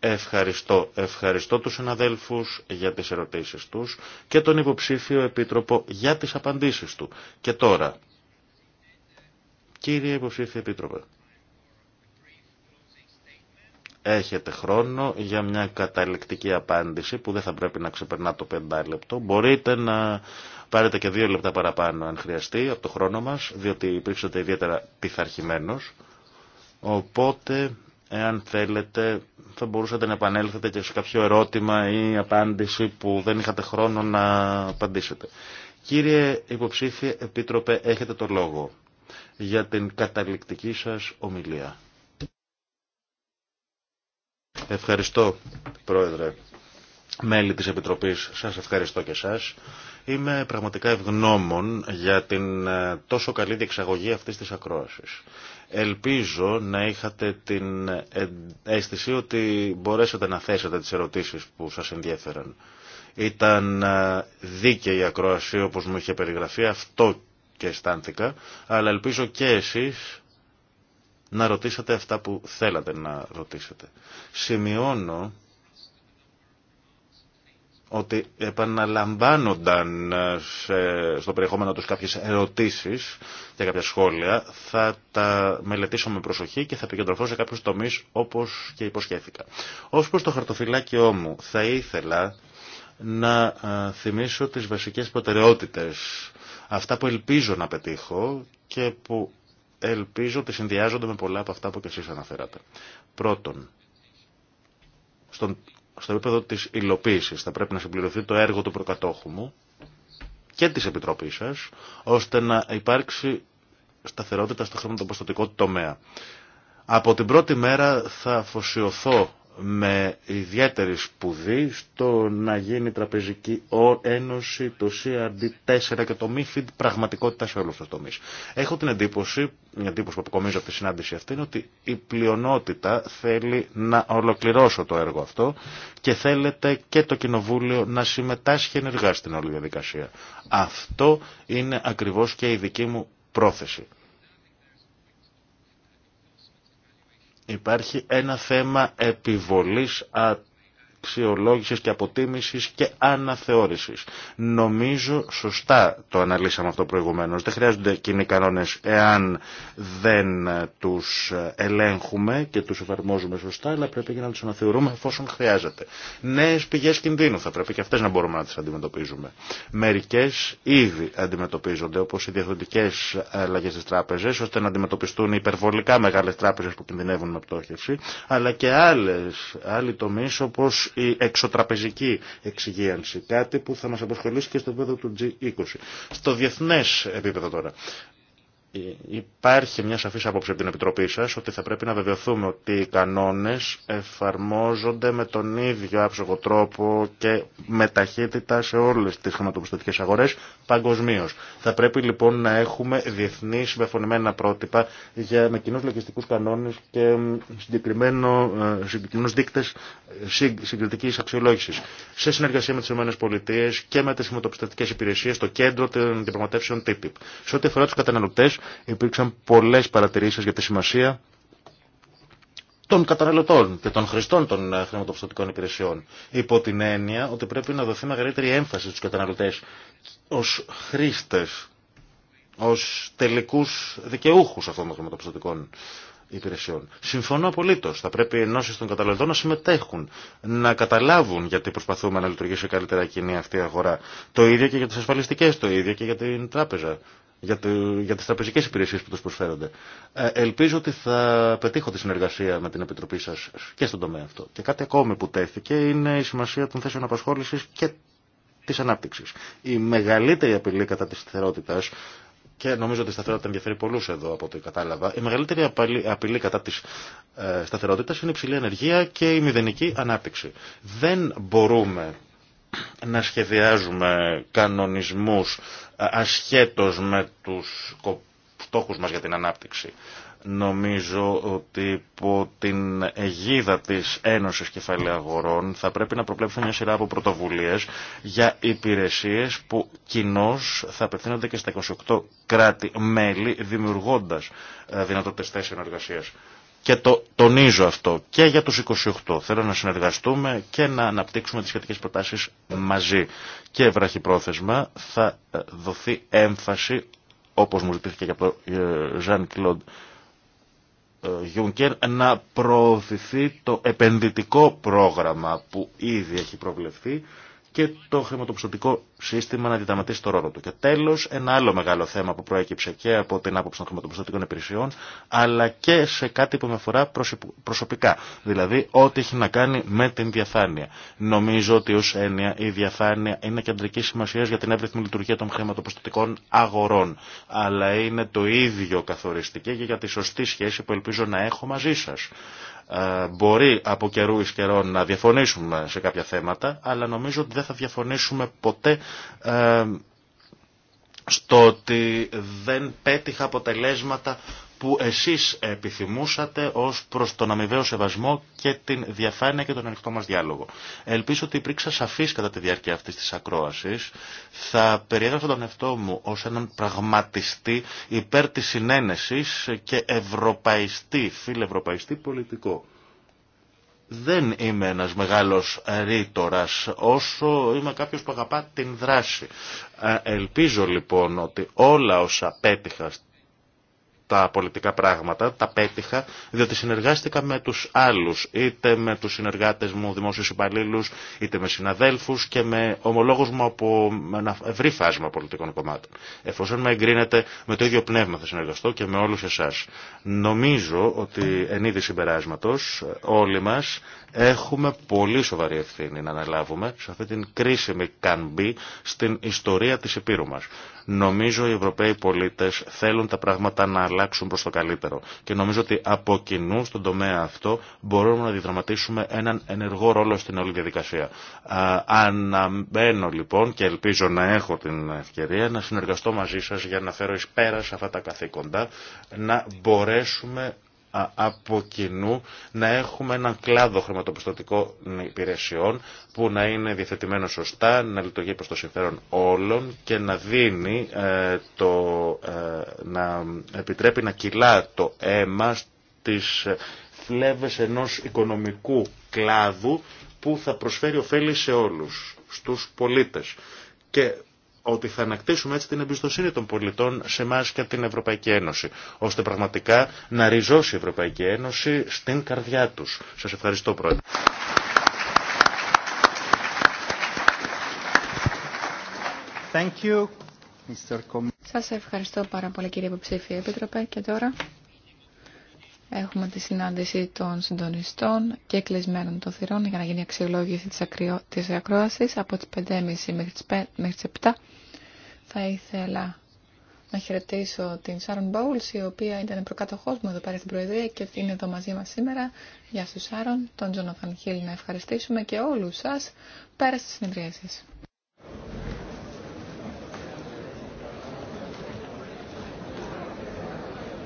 Ευχαριστώ. Ευχαριστώ τους συναδέλφους για τις ερωτήσεις τους και τον υποψήφιο επίτροπο για τις απαντήσεις του. Και τώρα, κύριε υποψήφιο επίτροπε, έχετε χρόνο για μια καταληκτική απάντηση που δεν θα πρέπει να ξεπερνά το πεντάλεπτο. Μπορείτε να πάρετε και δύο λεπτά παραπάνω αν χρειαστεί από το χρόνο μας, διότι υπήρξατε ιδιαίτερα πειθαρχημένος. Οπότε Εάν θέλετε, θα μπορούσατε να επανέλθετε και σε κάποιο ερώτημα ή απάντηση που δεν είχατε χρόνο να απαντήσετε. Κύριε Υποψήφιε Επίτροπε, έχετε το λόγο για την καταληκτική σας ομιλία. Ευχαριστώ, Πρόεδρε, μέλη της Επιτροπής. Σας ευχαριστώ και σας Είμαι πραγματικά ευγνώμων για την ε, τόσο καλή διεξαγωγή αυτής της ακρόασης. Ελπίζω να είχατε την ε, αίσθηση ότι μπορέσατε να θέσετε τις ερωτήσεις που σας ενδιέφεραν. Ήταν ε, δίκαιη η ακρόαση όπως μου είχε περιγραφεί, αυτό και αισθάνθηκα, αλλά ελπίζω και εσείς να ρωτήσατε αυτά που θέλατε να ρωτήσετε. Σημειώνω ότι επαναλαμβάνονταν ε, στο περιεχόμενο τους κάποιες ερωτήσεις και κάποια σχόλια, θα τα μελετήσω με προσοχή και θα επικεντρωθώ σε κάποιους τομείς όπως και υποσχέθηκα. Ως προς το χαρτοφυλάκιό μου, θα ήθελα να ε, θυμίσω τις βασικές προτεραιότητες, αυτά που ελπίζω να πετύχω και που ελπίζω ότι συνδυάζονται με πολλά από αυτά που και εσείς αναφέρατε. Πρώτον, στον στο επίπεδο τη υλοποίηση θα πρέπει να συμπληρωθεί το έργο του προκατόχου μου και τη Επιτροπής σα, ώστε να υπάρξει σταθερότητα στο χρηματοπιστωτικό τομέα. Από την πρώτη μέρα θα αφοσιωθώ με ιδιαίτερη σπουδή στο να γίνει η Τραπεζική Ένωση, το CRD4 και το MIFID πραγματικότητα σε όλους τους τομείς. Έχω την εντύπωση, μια εντύπωση που αποκομίζω από τη συνάντηση αυτή, είναι ότι η πλειονότητα θέλει να ολοκληρώσω το έργο αυτό και θέλετε και το Κοινοβούλιο να συμμετάσχει ενεργά στην όλη διαδικασία. Αυτό είναι ακριβώς και η δική μου πρόθεση. Υπάρχει ένα θέμα επιβολής αξιολόγησης και αποτίμησης και αναθεώρησης. Νομίζω σωστά το αναλύσαμε αυτό προηγουμένως. Δεν χρειάζονται κοινοί κανόνες εάν δεν τους ελέγχουμε και τους εφαρμόζουμε σωστά, αλλά πρέπει και να τους αναθεωρούμε εφόσον χρειάζεται. Νέες πηγές κινδύνου θα πρέπει και αυτές να μπορούμε να τις αντιμετωπίζουμε. Μερικές ήδη αντιμετωπίζονται, όπως οι διαθετικές αλλαγές της τράπεζας, ώστε να αντιμετωπιστούν οι υπερβολικά μεγάλες τράπεζες που κινδυνεύουν με πτώχευση, αλλά και άλλες, άλλοι τομείς όπως η εξωτραπεζική εξυγίανση. Κάτι που θα μας απασχολήσει και στο επίπεδο του G20. Στο διεθνέ επίπεδο τώρα. Ε, υπάρχει μια σαφής άποψη από την Επιτροπή σας ότι θα πρέπει να βεβαιωθούμε ότι οι κανόνες εφαρμόζονται με τον ίδιο άψογο τρόπο και με ταχύτητα σε όλες τις χρηματοπιστωτικές αγορές παγκοσμίω. Θα πρέπει λοιπόν να έχουμε διεθνή συμπεφωνημένα πρότυπα για, με κοινού λογιστικούς κανόνες και ε, συγκεκριμένους δείκτες ε, συγκριτικής αξιολόγησης σε συνεργασία με τις ΗΠΑ και με τις χρηματοπιστωτικές υπηρεσίες στο κέντρο των διαπραγματεύσεων TTIP. Σε ό,τι αφορά καταναλωτές Υπήρξαν πολλές παρατηρήσεις για τη σημασία των καταναλωτών και των χρηστών των ε, χρηματοπιστωτικών υπηρεσιών. Υπό την έννοια ότι πρέπει να δοθεί μεγαλύτερη έμφαση στους καταναλωτές ως χρήστες, ως τελικούς δικαιούχους αυτών των χρηματοπιστωτικών υπηρεσιών. Συμφωνώ απολύτω. Θα πρέπει οι ενώσει των καταναλωτών να συμμετέχουν, να καταλάβουν γιατί προσπαθούμε να λειτουργήσει καλύτερα η κοινή αυτή η αγορά. Το ίδιο και για τι ασφαλιστικέ, το ίδιο και για την τράπεζα για, το, για τις τραπεζικές υπηρεσίες που τους προσφέρονται. Ε, ελπίζω ότι θα πετύχω τη συνεργασία με την Επιτροπή σας και στον τομέα αυτό. Και κάτι ακόμη που τέθηκε είναι η σημασία των θέσεων απασχόλησης και της ανάπτυξης. Η μεγαλύτερη απειλή κατά της σταθερότητας και νομίζω ότι η σταθερότητα ενδιαφέρει πολλού εδώ από ό,τι κατάλαβα. Η μεγαλύτερη απειλή κατά τη ε, σταθερότητα είναι η ψηλή ανεργία και η μηδενική ανάπτυξη. Δεν μπορούμε να σχεδιάζουμε κανονισμού ασχέτως με τους στόχους μας για την ανάπτυξη. Νομίζω ότι υπό την αιγίδα της Ένωσης Κεφαλαίου Αγορών θα πρέπει να προπλέψουμε μια σειρά από πρωτοβουλίες για υπηρεσίες που κοινώς θα απευθύνονται και στα 28 κράτη-μέλη δημιουργώντας ε, δυνατότητες θέσεων εργασίας. Και το τονίζω αυτό και για τους 28. Θέλω να συνεργαστούμε και να αναπτύξουμε τις σχετικές προτάσεις μαζί. Και βραχυπρόθεσμα θα ε, δοθεί έμφαση, όπως μου ζητήθηκε και από τον Ζαν Κλοντ Γιούνκερ, να προωθηθεί το επενδυτικό πρόγραμμα που ήδη έχει προβλεφθεί και το χρηματοπιστωτικό σύστημα να διδαματίσει το ρόλο του. Και τέλο, ένα άλλο μεγάλο θέμα που προέκυψε και από την άποψη των χρηματοπιστωτικών υπηρεσιών, αλλά και σε κάτι που με αφορά προσωπικά. Δηλαδή, ό,τι έχει να κάνει με την διαφάνεια. Νομίζω ότι ω έννοια η διαφάνεια είναι κεντρική σημασία για την εύρυθμη λειτουργία των χρηματοπιστωτικών αγορών. Αλλά είναι το ίδιο καθοριστική και για τη σωστή σχέση που ελπίζω να έχω μαζί σα. Ε, μπορεί από καιρού εις καιρό να διαφωνήσουμε σε κάποια θέματα, αλλά νομίζω ότι δεν θα διαφωνήσουμε ποτέ ε, στο ότι δεν πέτυχα αποτελέσματα που εσείς επιθυμούσατε ως προς τον αμοιβαίο σεβασμό και την διαφάνεια και τον ανοιχτό μας διάλογο. Ελπίζω ότι υπήρξα σαφής κατά τη διάρκεια αυτής της ακρόασης. Θα περιέγραφα τον εαυτό μου ως έναν πραγματιστή υπέρ της συνένεσης και ευρωπαϊστή, φιλευρωπαϊστή πολιτικό. Δεν είμαι ένας μεγάλος ρήτορας όσο είμαι κάποιος που αγαπά την δράση. Ελπίζω λοιπόν ότι όλα όσα πέτυχα τα πολιτικά πράγματα, τα πέτυχα, διότι συνεργάστηκα με τους άλλους, είτε με τους συνεργάτες μου, δημόσιου υπαλλήλου, είτε με συναδέλφους και με ομολόγους μου από ένα ευρύ φάσμα πολιτικών κομμάτων. Εφόσον με εγκρίνετε με το ίδιο πνεύμα θα συνεργαστώ και με όλους εσά. Νομίζω ότι εν είδη συμπεράσματος όλοι μας έχουμε πολύ σοβαρή ευθύνη να αναλάβουμε σε αυτή την κρίσιμη καμπή στην ιστορία της Επίρου μας. Νομίζω οι Ευρωπαίοι πολίτες θέλουν τα πράγματα να αλλάξουν αλλάξουν προς το καλύτερο. Και νομίζω ότι από κοινού στον τομέα αυτό μπορούμε να διδραματίσουμε έναν ενεργό ρόλο στην όλη διαδικασία. αναμένω λοιπόν και ελπίζω να έχω την ευκαιρία να συνεργαστώ μαζί σα για να φέρω ει πέρα σε αυτά τα καθήκοντα, να μπορέσουμε από κοινού να έχουμε έναν κλάδο χρηματοπιστωτικών υπηρεσιών που να είναι διαθετημένο σωστά, να λειτουργεί προς το συμφέρον όλων και να δίνει ε, το, ε, να επιτρέπει να κυλά το αίμα στις φλέβες ενός οικονομικού κλάδου που θα προσφέρει ωφέλη σε όλους, στους πολίτες. Και ότι θα ανακτήσουμε έτσι την εμπιστοσύνη των πολιτών σε εμά και την Ευρωπαϊκή Ένωση, ώστε πραγματικά να ριζώσει η Ευρωπαϊκή Ένωση στην καρδιά τους. Σας ευχαριστώ Πρόεδρε. Σα ευχαριστώ πάρα πολύ κύριε υποψήφια επίτροπε και τώρα Έχουμε τη συνάντηση των συντονιστών και κλεισμένων των θυρών για να γίνει αξιολόγηση της, ακριο... της ακρόασης από τις 5.30 μέχρι τις, 5... 7. Θα ήθελα να χαιρετήσω την Σάρον Μπόουλς, η οποία ήταν προκατοχός μου εδώ πέρα στην Προεδρία και είναι εδώ μαζί μας σήμερα. Γεια σου Σάρον, τον Τζόναθαν Χίλ να ευχαριστήσουμε και όλους σας πέρα στις συνεδρίες σας.